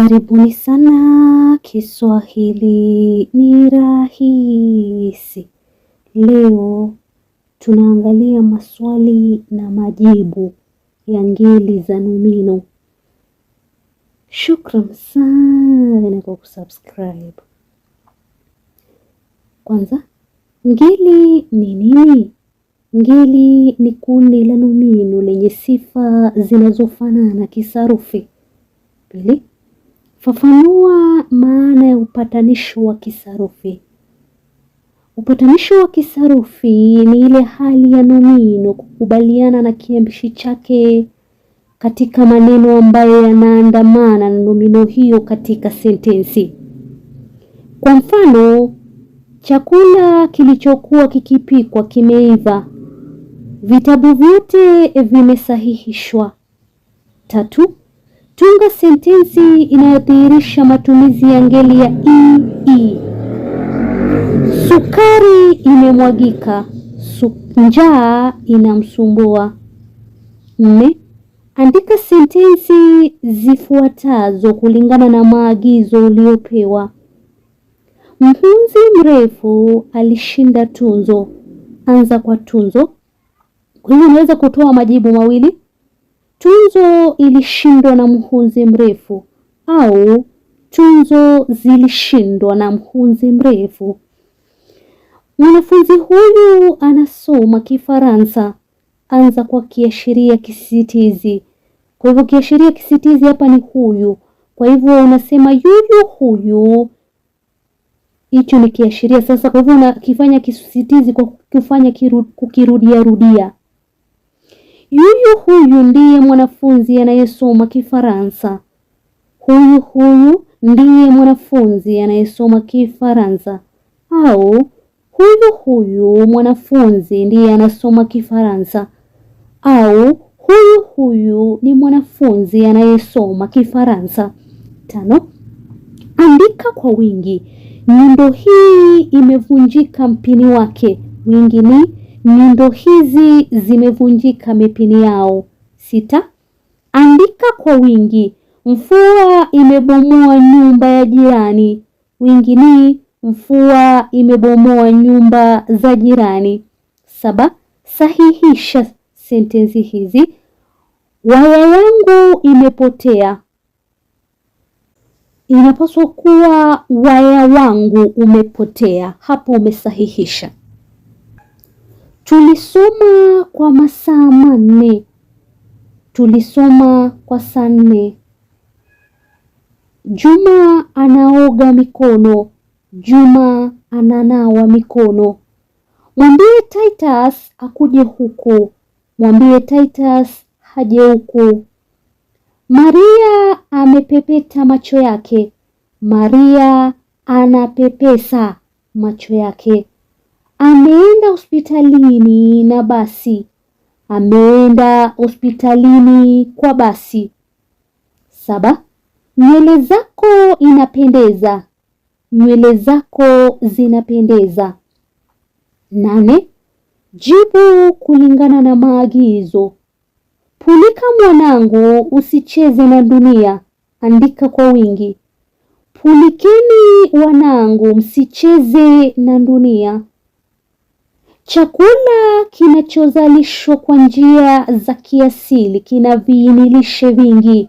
Karibuni sana Kiswahili ni rahisi. Leo tunaangalia maswali na majibu ya ngeli za nomino. Shukran sana kwa kusubscribe. Kwanza, ngeli ni nini? Ngeli ni kundi la nomino lenye sifa zinazofanana kisarufi. Pili, Fafanua maana ya upatanisho wa kisarufi. Upatanisho wa kisarufi ni ile hali ya nomino kukubaliana na kiambishi chake katika maneno ambayo yanaandamana na nomino hiyo katika sentensi. Kwa mfano, chakula kilichokuwa kikipikwa kimeiva. Vitabu vyote vimesahihishwa. Tatu, tunga sentensi inayodhihirisha matumizi ya ngeli ya ee. Sukari imemwagika, njaa inamsumbua. Nne, andika sentensi zifuatazo kulingana na maagizo uliopewa. Mhunzi mrefu alishinda tunzo. Anza kwa tunzo. Kwa hiyo unaweza kutoa majibu mawili Tunzo ilishindwa na mhunzi mrefu au tunzo zilishindwa na mhunzi mrefu. Mwanafunzi huyu anasoma Kifaransa. Anza kwa kiashiria kisitizi. Kwa hivyo kiashiria kisitizi hapa ni huyu. Kwa hivyo unasema yuyu, huyu. Hicho ni kiashiria. Sasa kwa hivyo unakifanya kisisitizi kwa kufanya kukirudia rudia. Yuyu huyu ndiye mwanafunzi anayesoma Kifaransa. Huyu huyu ndiye mwanafunzi anayesoma Kifaransa. Au huyu huyu mwanafunzi ndiye anasoma Kifaransa. Au huyu huyu ni mwanafunzi anayesoma Kifaransa. Tano, andika kwa wingi. Nyundo hii imevunjika mpini wake. Wingi ni Nyundo hizi zimevunjika mipini yao. Sita, andika kwa wingi. Mvua imebomoa nyumba ya jirani. Wingi ni mvua imebomoa nyumba za jirani. Saba, sahihisha sentensi hizi. Waya yangu imepotea. Inapaswa kuwa waya wangu umepotea. Hapo umesahihisha. Tulisoma kwa masaa manne. Tulisoma kwa saa nne. Juma anaoga mikono. Juma ananawa mikono. Mwambie Titus akuje huku. Mwambie Titus haje huku. Maria amepepeta macho yake. Maria anapepesa macho yake ameenda hospitalini na basi, ameenda hospitalini kwa basi. Saba, nywele zako inapendeza, nywele zako zinapendeza. Nane, jibu kulingana na maagizo. Pulika mwanangu, usicheze na dunia, andika kwa wingi. Pulikeni wanangu, msicheze na dunia. Chakula kinachozalishwa kwa njia za kiasili kina viinilishe vingi.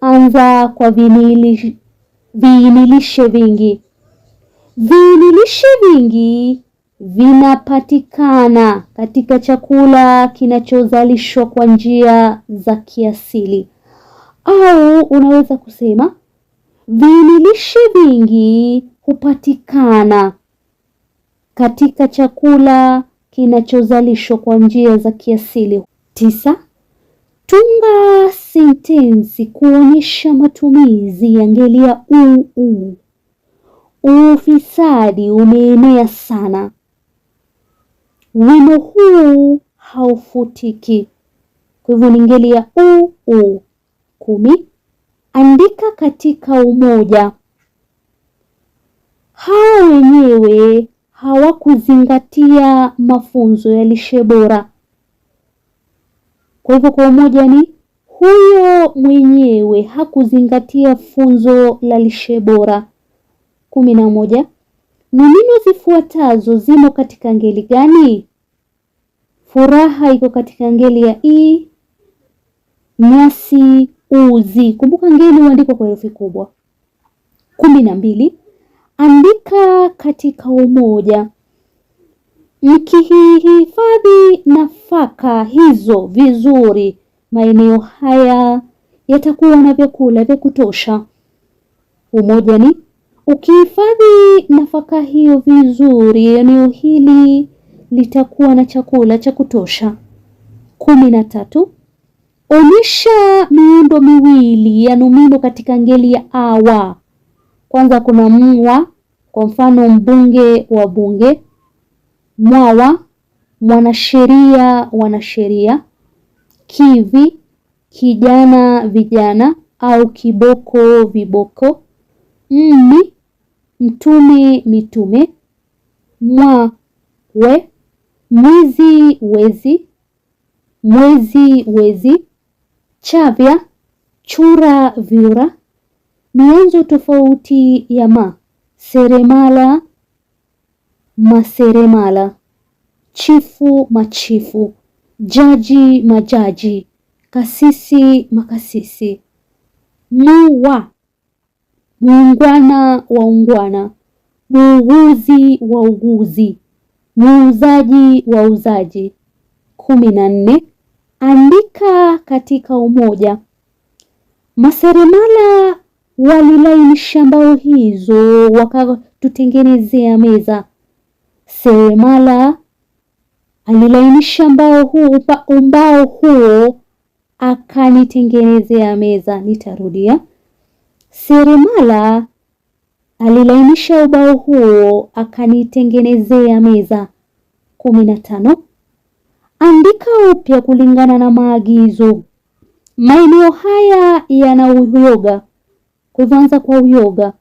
Anza kwa viinilishe vingi. Viinilishe vingi vinapatikana katika chakula kinachozalishwa kwa njia za kiasili, au unaweza kusema viinilishe vingi hupatikana katika chakula kinachozalishwa kwa njia za kiasili. Tisa, tunga sentensi kuonyesha matumizi ya ngeli ya uu. Ufisadi umeenea sana. Wino huu haufutiki, kwa hivyo ni ngeli ya uu. Kumi, andika katika umoja. Hao wenyewe hawakuzingatia mafunzo ya lishe bora. Kwa hivyo kwa umoja ni huyo mwenyewe hakuzingatia funzo la lishe bora. kumi na moja. Nomino zifuatazo zimo katika ngeli gani? Furaha iko katika ngeli ya i, nyasi uzi. Kumbuka ngeli huandikwa kwa herufi kubwa. kumi na mbili andika katika umoja, Nikihifadhi nafaka hizo vizuri, maeneo haya yatakuwa na vyakula vya kutosha. Umoja ni ukihifadhi nafaka hiyo vizuri, eneo hili litakuwa na chakula cha kutosha. kumi na tatu. Onyesha miundo miwili ya nomino katika ngeli ya awa kwanza kuna mwa, kwa mfano mbunge wa bunge, mwawa, mwanasheria wanasheria, kivi, kijana vijana au kiboko viboko, mmi, mtume mitume, mwawe, mwizi wezi, mwezi wezi, chavya, chura vyura Mienzo tofauti ya ma: seremala, maseremala, chifu, machifu, jaji, majaji, kasisi, makasisi. Muwa: muungwana, waungwana, muuguzi, wauguzi, muuzaji, wauzaji. kumi na nne. Andika katika umoja: maseremala walilainisha mbao hizo wakatutengenezea meza. Seremala alilainisha mbao huo umbao huo akanitengenezea meza. Nitarudia. Seremala alilainisha ubao huo akanitengenezea meza. kumi na tano. Andika upya kulingana na maagizo. Maeneo haya yana uyoga Kuvanza kwa uyoga.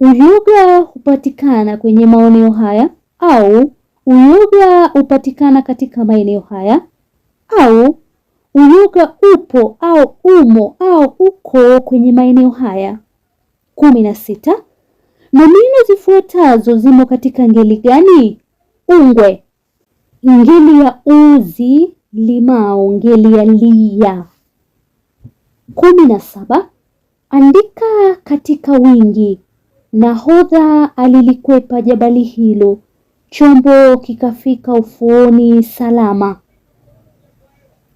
Uyoga hupatikana kwenye maeneo haya au uyoga hupatikana katika maeneo haya au uyoga upo au umo au uko kwenye maeneo haya. kumi na sita. Nomino zifuatazo zimo katika ngeli gani? Ungwe. Ngeli ya uzi, limao, ngeli ya lia. kumi na saba. Andika katika wingi. Nahodha alilikwepa jabali hilo, chombo kikafika ufuoni salama.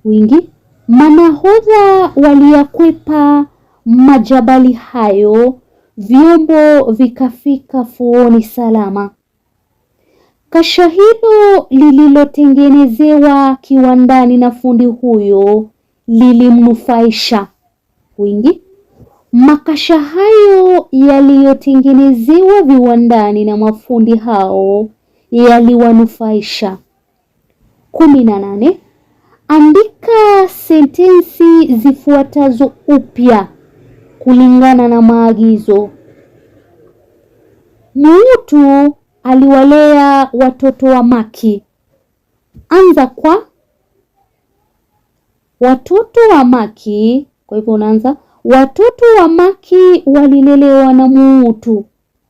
Wingi: manahodha waliyakwepa majabali hayo, vyombo vikafika fuoni salama. Kasha hilo lililotengenezewa kiwandani na fundi huyo lilimnufaisha. Wingi: Makasha hayo yaliyotengenezewa viwandani na mafundi hao yaliwanufaisha. kumi na nane. Andika sentensi zifuatazo upya kulingana na maagizo. Muutu aliwalea watoto wa Maki. Anza kwa watoto wa Maki, kwa hivyo unaanza Watoto wa Maki walilelewa na Muutu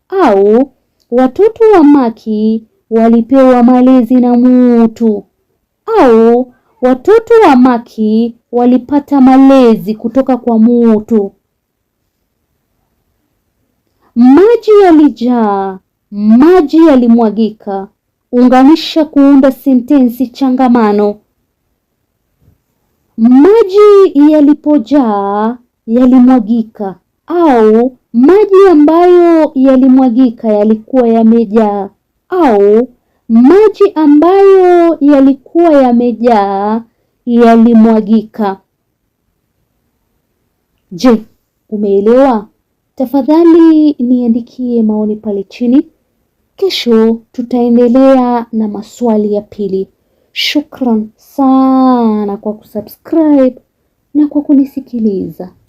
au watoto wa Maki walipewa malezi na Muutu au watoto wa Maki walipata malezi kutoka kwa Muutu. Maji yalijaa, maji yalimwagika. Unganisha kuunda sentensi changamano. Maji yalipojaa yalimwagika au maji ambayo yalimwagika yalikuwa yamejaa au maji ambayo yalikuwa yamejaa yalimwagika. Je, umeelewa? Tafadhali niandikie maoni pale chini. Kesho tutaendelea na maswali ya pili. Shukran sana kwa kusubscribe na kwa kunisikiliza.